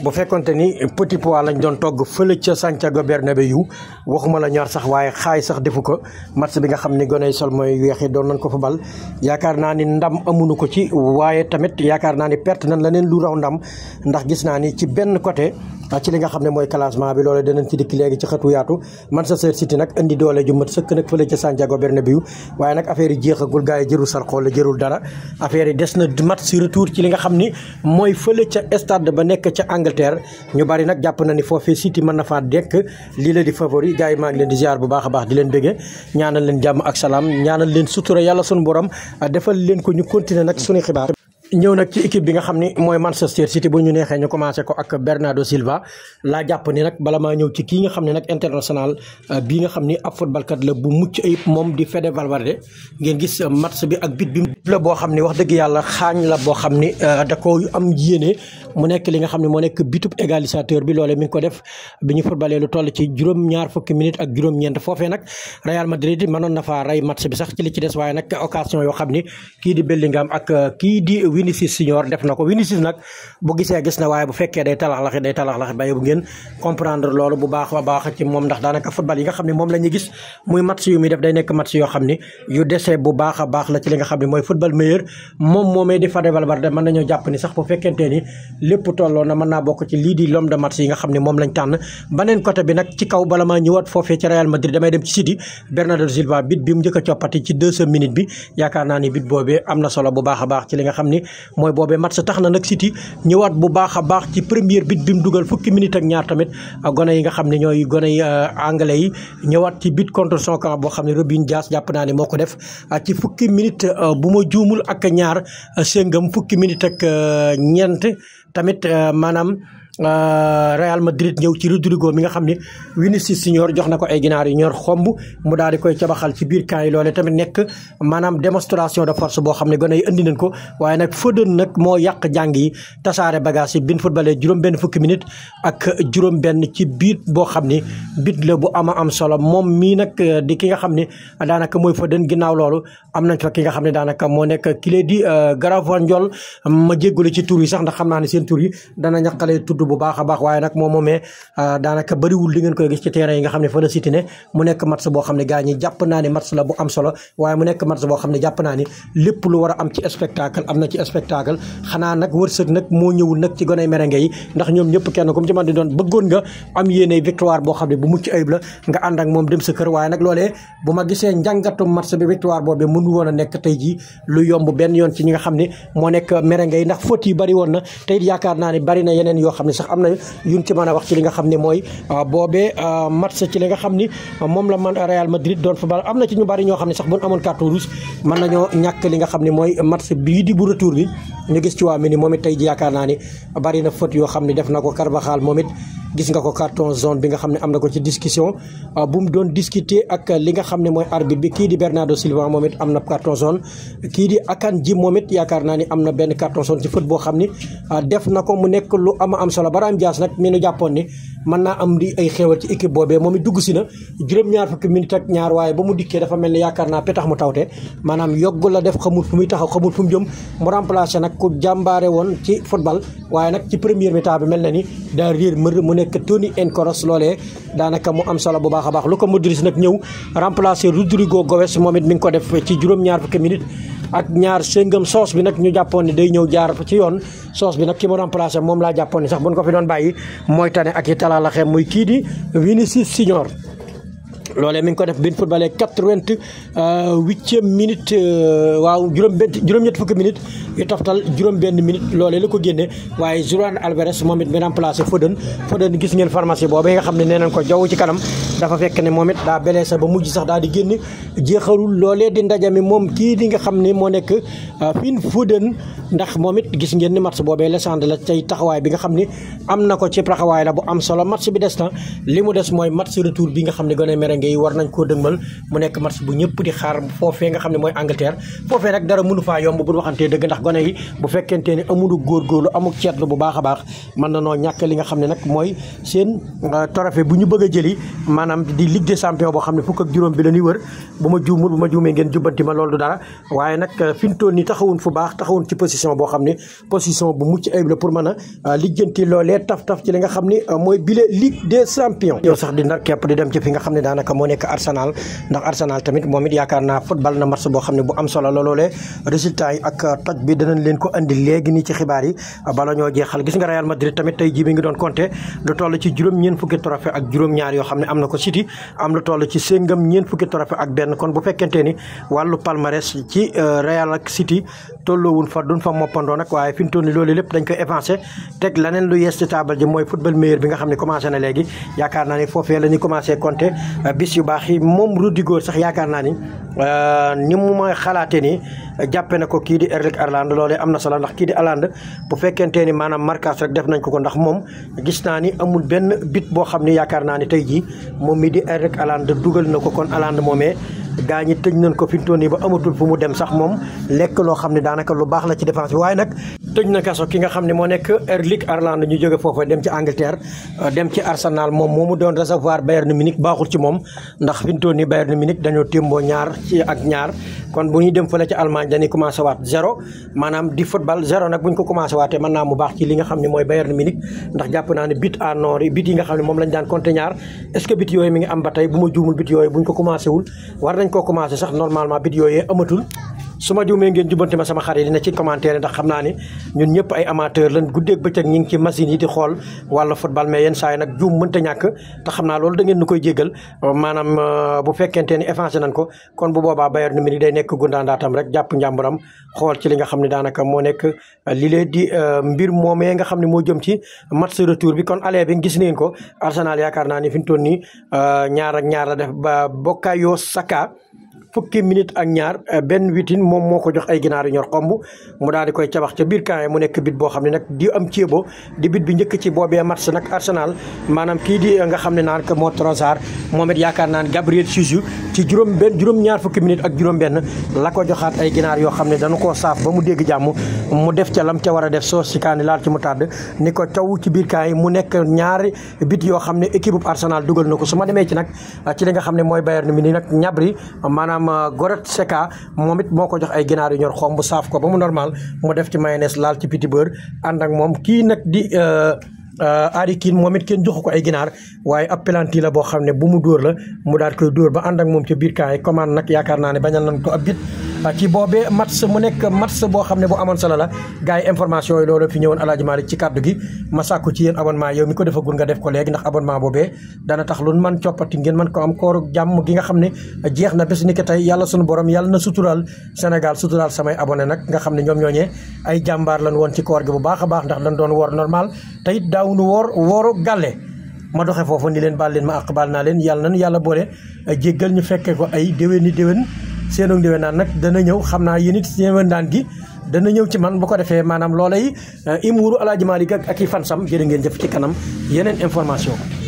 bu fekkonte ni petit pois lañ doon togg fële ca Santiago yu waxuma la ñor sax waaye xaay sax defu ko match bi nga xam ni gone sol mooy weexi doon nañ ko fa bal yaakaar naa ni ndam amuñu ko ci waaye tamit yaakaar naa ni perte nañ leneen lu raw ndam ndax gis naa ni ci benn côté ci li nga xam ne mooy classement bi loolee danañ ci dikk léegi ci xëtu yaatu Manchester City nag indi doole ju mat sëkk nag fële ca Santiago Bernabéu waaye nag affaire yi jeexagul yi jërul sar xool la jërul dara affaire yi des na mat si retour ci li nga xam ni mooy fële ca stade ba nekk ca Angleterre ñu bari nag jàpp na ni foofee City mën na faa dekk lii la di favori gars yi maa ngi leen di jaar bu baax a baax di leen béggee ñaanal leen jàmm ak salaam leen sutura yàlla sunu borom defal leen ko ñu continuer nag sunu xibaar ñëw nag ci équipe bi nga xam ni mooy Manchester City bu ñu neexee ñu commencé ko ak Bernardo Silva laa jàpp ni nag bala maa ñëw ci kii nga xam ne nag international euh, bii nga xam ni ab footballkat la bu mucc ayib moom di Fede Valverde ngeen gis euh, match bi ak bit bi la boo xam ni wax dëgg yàlla xaañ la boo xam ni euh, da ko am yéene mu nekk li nga xam ne moo nekk bitub égalisateur bi loolee ko def bi lu toll ci juróom-ñaar fukki minutes ak juróom-ñeent foofee nag Real Madrid mënoon na faa rey bi sax ci li ci des waaye nag occasion yoo xam ni kii di Bellingham ak euh, kii di Vinicius def na ko Vinicius nag bu gisee gis na waaye bu fekkee day talaxlaxi day talaxlaxi bàyyi bu ngeen comprendre loolu bu baax a baax ci moom ndax daanaka football yi nga xam ne moom la ñuy gis muy match yu muy def day nekk match yoo xam ne yu desee bu baax a baax la ci li nga xam ne mooy football meilleur moom moomee di Fede Valverde mën nañoo jàpp ni sax boo fekkente ni lépp tolloo na mën naa bokk ci lii di l'homme de match nga xam ne moom lañ tànn baneen côté bi nag ci kaw bala maa ñëwaat foofee ci Real Madrid damay dem ci City Bernardo Silva bit bi mu njëkk coppati ci deuxième minute bi yaakaar naa ni bit boobe am na solo bu baax a baax ci li nga xam ni mooy boobee match tax na nag City ñëwaat bu baax a baax ci première bit bi mu dugal fukki minute ak ñaar tamit gone yi nga xam ne ñooy gone yi euh, anglais yi ñëwaat ci bit contre son camp boo xam ne Robin Dias jàpp naa ne moo ko def euh, ci fukki minute euh, bu ma juumul ak ñaar séngam fukki minute ak ñeent tamit euh, maanaam Euh, Real Madrid ñëw ci Rodrigo mi nga xam ne Vinicius Junior jox na ko ay ginaar yu ñor xomb mu daal di koy cabaxal ci biir camp yi loole tamit nekk maanaam démonstration de force boo xam ne gone yi nañ ko waaye nag Foden nag moo yàq jàng yi tasaare bagage yi bin footballé juróom-benn fukki minute ak juróom-benn ci biir boo xam ne bit la bu ama am solo moom mii nag euh, di ki nga xam ne daanaka mooy Foden ginnaaw loolu am na fa ki nga xam ne daanaka moo nekk ki lay di euh, Gvaradiol ma jéggule ci tur yi sax ndax xam naa ne seen tur dana ñaqalee tudd yëngatu bu baax a baax waaye nag moom moomee ah, daanaka bëriwul li ngeen koy gis ci terrain yi nga xam ne fa la City mu nekk match boo xam ne jàpp naa ne mu nekk match a am ci na ci spectacle xanaa nag yi ndax ñoom ma gisee njàngatu match bi victoire boobu mënu woon a nekk tey jii bari woon na te it yaakaar naa ne bari na yeneen yoo xam sax am na yu ci mën a wax ci li nga xam ne mooy euh, boobee euh, match ci li nga xam ni moom la man Real Madrid doon football am na ci ñu bari ñoo xam ne sax bu ñu amoon carte rouge na nañoo ñàkk li nga xam ne mooy match bii di bu retour bi ñu gis ci waa mi ni moom it tey ji yaakaar naa ni bari na faute yoo xam ne def na ko Carvajal moom it gis nga ko carton zone bi nga xam ne am na ko ci discussion euh, bu mu doon discuter ak li nga xam ne mooy arbitre bi kii di Bernardo Silva moom it am na carton zone kii di Akanji ni am na benn carton zone ci fët boo xam ni euh, def na ko mu nekk lu ama am solo Barham Diaz nag mi nu jàppoon ni mën naa am di ay xéewal ci équipe boobee moom it dugg si na juróom-ñaar fukki minute ak ñaar waaye ba mu dikkee dafa mel ni yaakaar naa petax mu tawte maanaam yogg def xamul fu muy taxaw xamul na ni nekk Toni Kroos loolee daanaka mu am solo bu baax a baax Luka Modric nag ñëw remplacer Rodrygo Goes moom it mi ngi ko def ci juróom-ñaar fukki minutes ak ñaar séngam soos bi nag ñu jàppoon ne day ñëw jaar ci yoon soos bi nag ki mu remplacé moom laa jàppoon ne sax buñ ko fi doon bàyyi mooy tane ak yi talaalaxe muy kii di Vinicius Junior loolee mi ko def bi ñu footballé quatre-vingt-huitième minute euh, waaw juróom benn juróom-ñett fukki minute yu toftal juróom-benn minute loolee la ko génnee waaye Julian Alvarez moom it mi remplacé Foden Foden gis ngeen pharmacie boobu nga xam ne nee nañ ko jaww ci kanam dafa fekk ne moom it daa blessé ba mujj sax daal di génn jeexalul loolee di ndaje mi moom kii di nga xam ne moo nekk Phil euh, Foden ndax moom it gis ngeen ni match boobee lessande la tey taxawaay bi nga xam ne am na ko ci taxawaay am solo match bi des na li mooy match retour bi nga xam ne gën a mere gaynde yi war nañ koo dëgmal mu nekk match bu ñëpp di xaar foofee nga xam ne mooy Angleterre foofee nag dara mënu faa yomb bu waxantee dëgg ndax gone yi bu fekkente ni amulu góorgóorlu amul ceetlu bu baax a baax mën na noo ñàkk li nga xam ne nag mooy seen euh, trophée bu ñu bëgg a jëli maanaam di Ligue des champions boo xam ne fukk ak juróom bi la ñuy wër bu ma juumul bu ma juumee ngeen jubbanti ma loolu du dara waaye nag euh, fi mu toll nii fu baax taxawun ci position boo xam ne position bu mucc ayib la pour mën a euh, lijjanti loolee taf taf ci li nga xam ne mooy bile Ligue des champions yow sax di nar képp di dem ci fi nga xam ne daanaka moo nekk Arsenal ndax Arsenal tamit moom it yaakaar naa football na match boo xam ne bu am solo la résultat yi ak toj bi danañ leen ko andi léegi nii ci xibaar yi bala ñoo jeexal gis nga Real Madrid tamit tey jii mi ngi doon compté lu toll ci juróom ñeen fukki trophée ak juróom-ñaar yoo xam ne am na ko City am lu toll ci séngam ñeent fukki trophée ak benn kon bu fekkente ni wàllu palmarès ci euh, Real ak siti tolloowun fa duñ fa moppandoo nag waaye fi mu toll nii loolu lépp dañ koy évancé teg laneen lu yees ci table ji mooy football meilleur bi nga xam ne commencé na léegi yaakaar naa ni foofee la ñuy commencé euh, bis yu baax yi moom Rodrigo sax yaakaar naa ni euh, ni mu ma xalaate ni jàppe na ko kii di Erling Haaland loolee am na solo ndax kii di Haaland bu fekkente ni maanaam marquage rek def nañ ko ko ndax moom gis naa ni amul benn bit boo xam ne yaakaar naa ni tey jii moom mi di Erling Haaland dugal na ko kon Haaland moomee gaa ñi tëj nañ ko fi mu toll nii ba amatul fu mu dem sax moom lekk loo xam ne daanaka lu baax la ci défense bi waaye nag tëj na kaso ki nga xam ne moo nekk Erling Haaland ñu jóge foofa dem ci Angleterre euh, dem ci Arsenal moom moomu doon recevoir Bayern Munich baaxul ci moom ndax fi mu toll nii Bayern Munich dañoo ñaar ci ak ñaar kon bu ñuy ci Allemagne dañuy commencé waat zéro maanaam di football zéro nag bu ñu ko commencé waatee mën naa mu baax ci li nga xam ne mooy Bayern Munich ndax jàpp naa ne bit à noor bit yi nga xam ne moom lañ daan compté ñaar est-ce que bit yooyu mi ngi am ba tey bu ma juumul bit yooyu bu ñu ko commencé wul war nañ koo commencé sax normalement bit yooyu su ma juumee ngeen jubbante ma sama xarit dina ci commentaire ndax xam naa ne ñun ñëpp ay amateur lañ guddeeg bëccëg ñi ngi ci machine yi di xool wàllu football mais yenn saa yi nag juum mënta ñàkk te xam naa loolu da ngeen nu koy jéggal maanaam bu fekkente ni effacé nañ ko kon bu boobaa Bayern Munich day nekk gundaandaatam rek jàpp njàmburam xool ci li nga xam ne daanaka moo nekk li lee di euh, mbir moomee nga xam ne moo jëm ci match retour bi kon aller bi gis ngeen ko Arsenal yaakaar naa ni fi mu toll nii euh, ñaar ak def ba Bukayo Saka fukki minute ak ñaar euh, moom moo ko jox ay ginaar yu ñor xomb mu daal di koy cabax ca biir camp mu nekk bit boo xam ne nag ko joxaat yoo xam ne dañu koo saaf ba mu dégg jàmm mu def ca lam ca war a def soos ci kaani laal ci mu tàdd ni ko taw ci biir camp yi mu nekk ñaari bit yoo xam ne équipe bu Arsenal dugal na ko su ma demee ci nag ci li nga xam ne mooy Bayern mi ni nag ñabri maanaam Goretzka moom moo ko jox ay ginaar yu ñor xom bu saaf ko ba mu normal mu def ci mayonnaise laal ci petit beurre ak moom kii nag di aari euh, euh, kiin moom it kenn joxu ko ay ginaar waaye ab pelanti la boo xam ne bu mu dóor la mu daal koy dóor ba ànd ak moom ci biir kaay commande nag yaakaar naa ne bañal nañ ko ab bit ci boobee match mu nekk match boo xam ne boo amoon solo la gars yi information yi loolu fi ñëwoon Aladji Malick ci kaddu gi ma sàkku ci yéen abonnement yow mi ko defagul nga def ko léegi ndax abonnement boobee dana tax lu man coppati ngeen mën ko am kooru jàmm gi nga xam ne jeex na bés ni ki tey yàlla sunu borom yàlla na sutural Sénégal sutural samay abonné nag nga xam ne ñoom ñooñee ay jàmbaar lan woon ci koor gi bu baax a baax ndax dañ doon woor normal te it woor wooru gàlle ma doxe foofu ni leen baal leen ma àq baal naa leen yàlla nan yàlla boole jéggal ñu fekkee ay déwéni déwén seenoog ndewenaan nag dana ñëw xam naa yéen it ndewenaan gi dana ñëw ci man bu ko defee maanaam loolay euh, imuuru alaaji Malick ak i fan sam jërë ngeen def ci kanam yeneen information